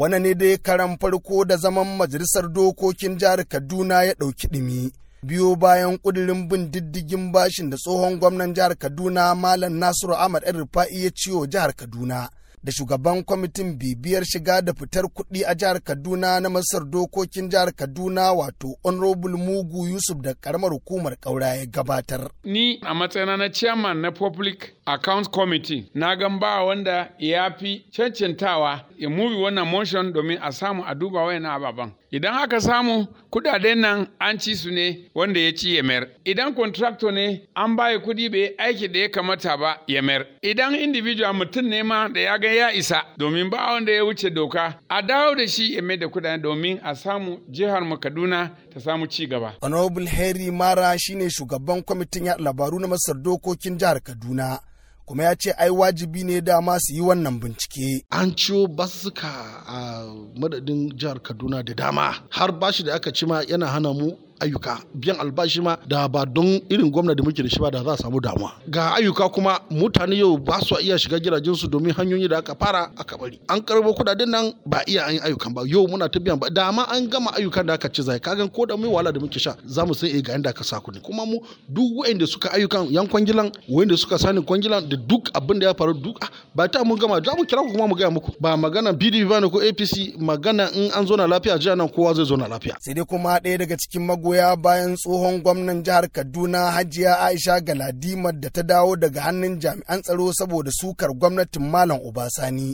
wani ne dai karan farko da zaman majalisar dokokin jihar kaduna ya ɗauki ɗumi biyo bayan ƙudurin bin diddigin bashin da tsohon gwamnan jihar kaduna malam nasiru ahmad rufa'i ya ciwo jihar kaduna da shugaban kwamitin bibiyar shiga da fitar kuɗi a jihar Kaduna na masar dokokin jihar Kaduna wato Honorable Mugu Yusuf da karamar hukumar ƙaura ya gabatar. Ni a matsayina na chairman na Public Account Committee na gan ba wanda ya fi cancantawa ya mubi wannan motion domin a samu a duba wayan ababen. Idan aka samu kudaden nan an ci su ne wanda ya ci yamer Idan contractor ne an baya kudi bai aiki da ya kamata ba yamer. Idan individual mutum ne ma da ya ga idan ya isa domin ba wanda ya wuce doka a dawo da shi ya mai da kudane domin a samu jihar mu Kaduna ta samu ci gaba. Honorable Henry Mara shine shugaban kwamitin yaɗa labaru na Masar dokokin jihar Kaduna. kuma ya ce ai wajibi ne dama su yi wannan bincike. An ciwo basuka a madadin jihar Kaduna da dama har bashi da aka cima yana hana mu ayyuka biyan albashi ma da ba don irin gwamna da muke da shi ba da za a samu damuwa ga ayyuka kuma mutane yau ba su iya shiga gidajen su domin hanyoyi da aka fara aka bari an karbo kudaden nan ba iya an yi ayyukan ba yau muna ta biyan ba da ma an gama ayyukan da aka ci zai kagan ko da mai wala da muke sha za mu san eh, ga inda aka sa kuɗi kuma mu duk wa'anda suka ayyukan yan kwangilan wa'anda suka sani kwangilan da duk abin da ya faru duk ah, ba ta mun gama za mu kira ku kuma mu gaya muku ba magana PDP ba ne ko APC magana in an zo na lafiya jiya nan kowa zai zo na lafiya sai dai kuma ɗaya daga cikin mago goya bayan tsohon gwamnan jihar Kaduna Hajiya Aisha Galadimar da ta dawo daga hannun jami'an tsaro saboda sukar gwamnatin Malam Obasani.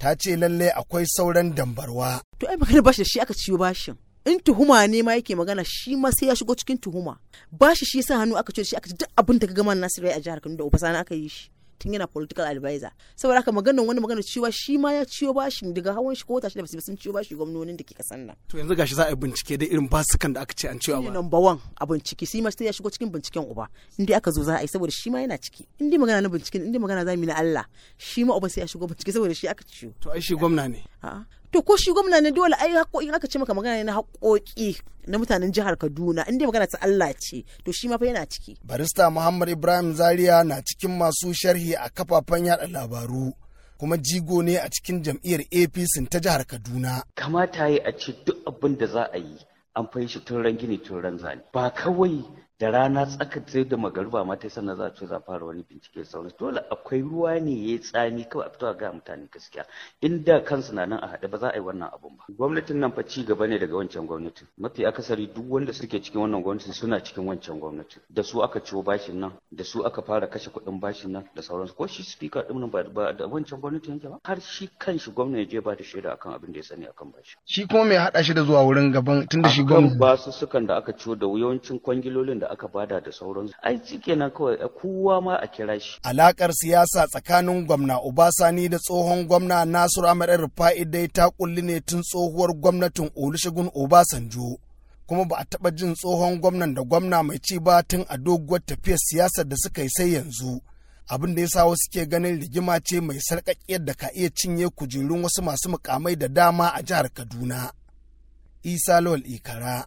Ta ce lalle akwai sauran dambarwa. To ai magana bashi da shi aka ciwo bashin. In tuhuma ne ma yake magana shi ma sai ya shigo cikin tuhuma. Bashi shi sa hannu aka ciwo shi aka ci duk abin da ka gama Nasiru a jihar Kaduna da Obasani aka yi shi. tun yana political advisor saboda haka maganar wani magana cewa shi ma ya ciyo bashi daga hawan shi ko wata da basu sun ciyo bashi gwamnonin da ke kasan nan to yanzu gashi za a bincike da irin basukan da aka ce an ciyo ba number one a bincike shi ma sai ya shigo cikin binciken uba inda aka zo za a yi saboda shi ma yana ciki inda magana na binciken inda magana za mu na Allah shi ma uba sai ya shigo bincike saboda shi aka ciyo to ai shi gwamna ne a'a to ko shi gwamna ne dole ai in aka ce maka magana ne na haƙoƙi na mutanen jihar Kaduna inda magana ta Allah ce to shi ma fa yana ciki barista Muhammad Ibrahim Zaria na cikin masu sharhi a kafafen yada labaru kuma jigo ne a cikin jam'iyyar APC ta jihar Kaduna kamata yi a ce duk abin da za a yi an fai shi tun ran gini tun ran ba kawai da rana tsaka sai da magaruba ma ta sannan za a ce za a fara wani bincike sauransu dole akwai ruwa ne ya tsani kawai a fito a ga mutane gaskiya inda kansu na nan a haɗe ba za a yi wannan abun ba gwamnatin nan fa ci gaba ne daga wancan gwamnatin mafi akasari duk wanda suke cikin wannan gwamnatin suna cikin wancan gwamnatin da su aka ciwo bashin nan da su aka fara kashe kuɗin bashin nan da sauransu ko shi speaker ɗin nan ba da wancan gwamnatin yake ba har shi kanshi gwamnati ya je ba da shaida akan abin da ya sani akan bashi shi kuma me haɗa shi da zuwa wurin gaban tunda shi gwamnati ba su sukan da aka ciwo da yawancin kwangilolin da aka bada da sauran ai kenan kawai kowa ma a kira shi alakar siyasa tsakanin gwamna Obasani da tsohon gwamna Nasiru Ahmed Rufai dai ta kulli ne tun tsohuwar gwamnatin Olusegun Obasanjo kuma ba a taɓa jin tsohon gwamnan da gwamna mai ci ba tun a doguwar tafiyar siyasar da suka yi sai yanzu abin da ya sa wasu ke ganin rigima ce mai sarƙaƙiyar da ka iya cinye kujerun wasu masu mukamai da dama a jihar kaduna isa lawal ikara